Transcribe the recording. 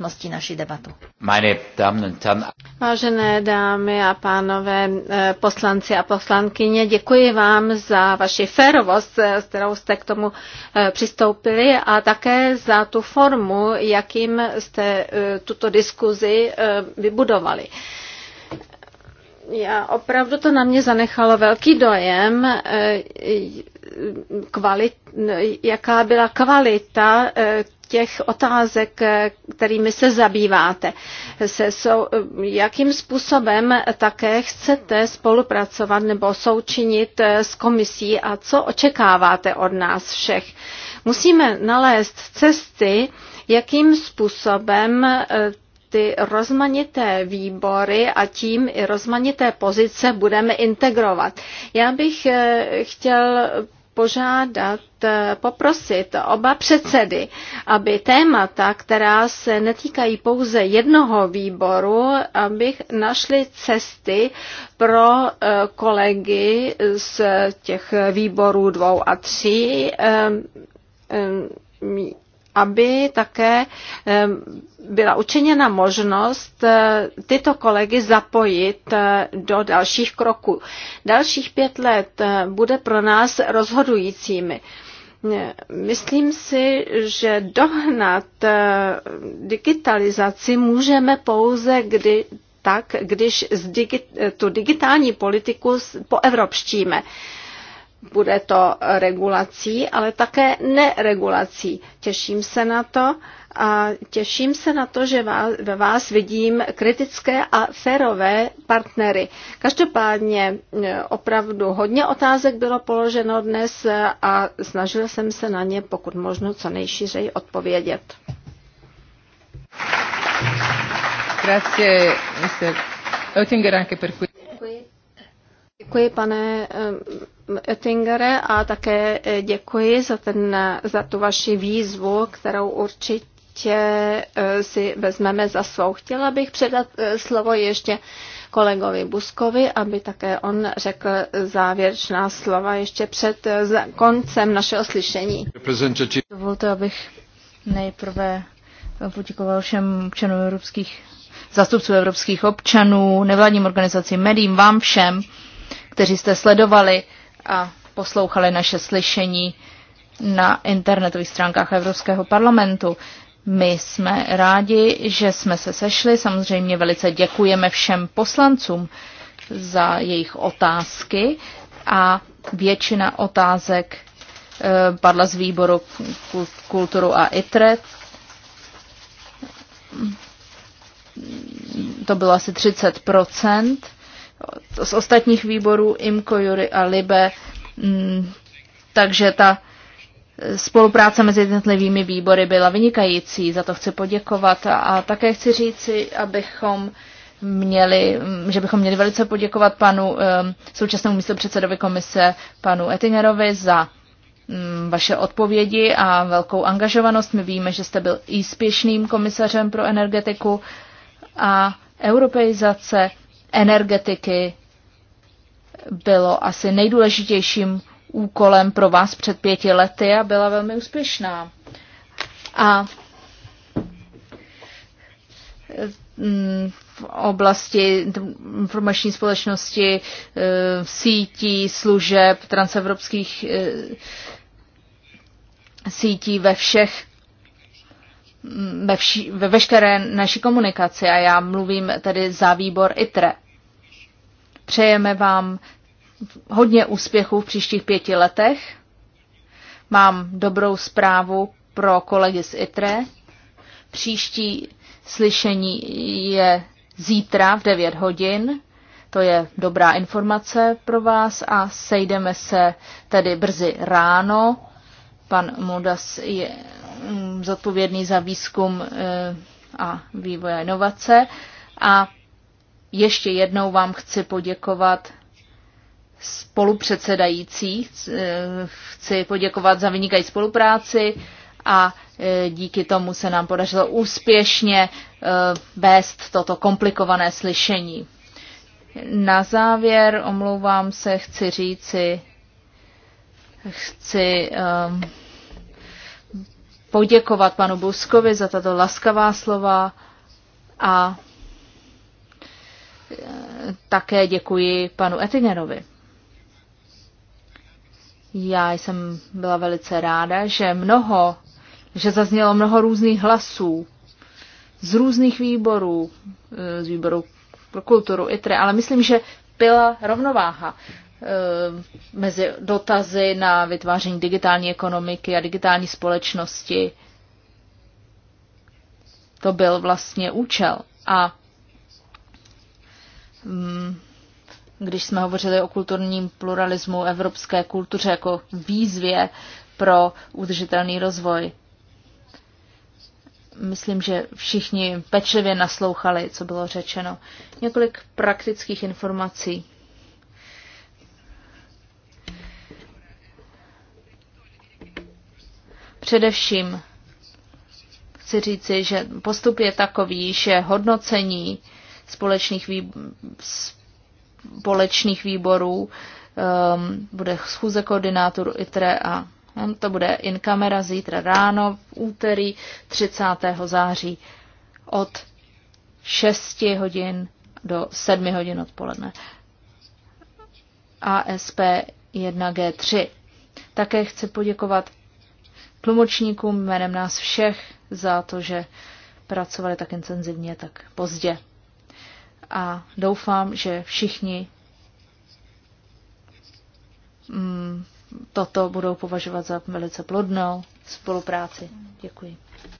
nutností naší debatu. Vážené dámy a pánové, eh, poslanci a poslankyně, děkuji vám za vaši férovost, eh, s kterou jste k tomu eh, přistoupili a také za tu formu, jakým jste tuto diskuzi vybudovali. Já opravdu to na mě zanechalo velký dojem, kvalit, jaká byla kvalita těch otázek, eh, kterými se zabýváte. Se sou, eh, jakým způsobem také chcete spolupracovat nebo součinit eh, s komisí a co očekáváte od nás všech? Musíme nalézt cesty, jakým způsobem ty rozmanité výbory a tím i rozmanité pozice budeme integrovat. Já bych chtěl požádat, eh, poprosit oba předsedy, aby témata, která se netýkají pouze jednoho výboru, abych našli cesty pro eh, kolegy z těch výborů dvou a tří eh, aby také byla učiněna možnost eh, tyto kolegy zapojit eh, do dalších kroků. Dalších pět let eh, bude pro nás rozhodujícími. Myslím si, že dohnat digitalizaci můžeme pouze, kdy tak, když digi- tu digitální politiku poevropštíme. evropštíme bude to regulací, ale také neregulací. Těším se na to a těším se na to, že vás, ve vás vidím kritické a férové partnery. Každopádně e, opravdu hodně otázek bylo položeno dnes a snažil jsem se na ně pokud možno co nejšířeji odpovědět. Grazie, Mr. Oettinger, anche per Děkuji, pane Oettingere a také eh, děkuji za, ten, eh, za tu vaši výzvu, kterou určitě eh, si vezmeme za svou. Chtěla bych předat slovo ještě kolegovi Buskovi, aby také on řekl závěrečná slova ještě před koncem našeho slyšení. Dovolte, abych nejprve poděkoval všem občanům evropských zastupců evropských občanů, nevládním organizacím, médiím, vám všem, kteří jste sledovali a poslouchali naše slyšení na internetových stránkách Evropského parlamentu. My jsme rádi, že jsme se sešli. Samozřejmě velice děkujeme všem poslancům za jejich otázky a většina otázek eh, padla z výboru kulturu a ITRE. To bylo asi 30 z ostatních výborů IMCO, Jury a Libe, mm, takže ta spolupráce mezi jednotlivými výbory byla vynikající, za to chci poděkovat a také chci říci, abychom měli, mm, že bychom měli velice poděkovat panu současnému místopředsedovi komise, panu Ettingerovi, za mm, vaše odpovědi a velkou angažovanost. My víme, že jste byl i spěšným komisařem pro energetiku a europeizace energetiky bylo asi nejdůležitějším úkolem pro vás před pěti lety a byla velmi úspěšná. A mm, v oblasti informační společnosti, e, sítí, služeb, transevropských e, sítí ve všech mm, ve, vši, ve veškeré naší komunikaci a já mluvím tedy za výbor ITRE. Přejeme vám hodně úspěchů v příštích pěti letech. Mám dobrou zprávu pro kolegy z ITRE. Příští slyšení je zítra v 9 hodin. To je dobrá informace pro vás a sejdeme se tedy brzy ráno. Pan Modas je mm, zodpovědný za výzkum eh, a vývoj a inovace a ještě jednou vám chci poděkovat spolupředsedající. Chci eh, poděkovat za vynikající spolupráci a eh, díky tomu se nám podařilo úspěšně eh, vést toto komplikované slyšení. Na závěr, omlouvám se, chci říci, chci um, poděkovat panu Buskovi za tato laskavá slova a také děkuji panu Ettingerovi. Já jsem byla velice ráda, že mnoho, že zaznělo mnoho různých hlasů z různých výborů, eh, z výboru pro kulturu, ITRE, ale myslím, že byla rovnováha eh, mezi dotazy na vytváření digitální ekonomiky a digitální společnosti. To byl vlastně účel. A Mm, když jsme hovořili o kulturním pluralismu, evropské kultuře jako výzvě pro udržitelný rozvoj. Myslím, že všichni pečlivě naslouchali, co bylo řečeno. Několik praktických informací. Především chci říci, že postup je takový, že hodnocení společných, vý, společných výborů. Um, bude schůze koordinátorů ITRE a um, to bude in kamera zítra ráno, v úterý 30. září od 6 hodin do 7 hodin odpoledne. ASP 1G3. Také chci poděkovat tlumočníkům jménem nás všech za to, že pracovali tak intenzivně, tak pozdě a doufám, že všichni mm, toto budou považovat za velice plodnou spolupráci. Děkuji.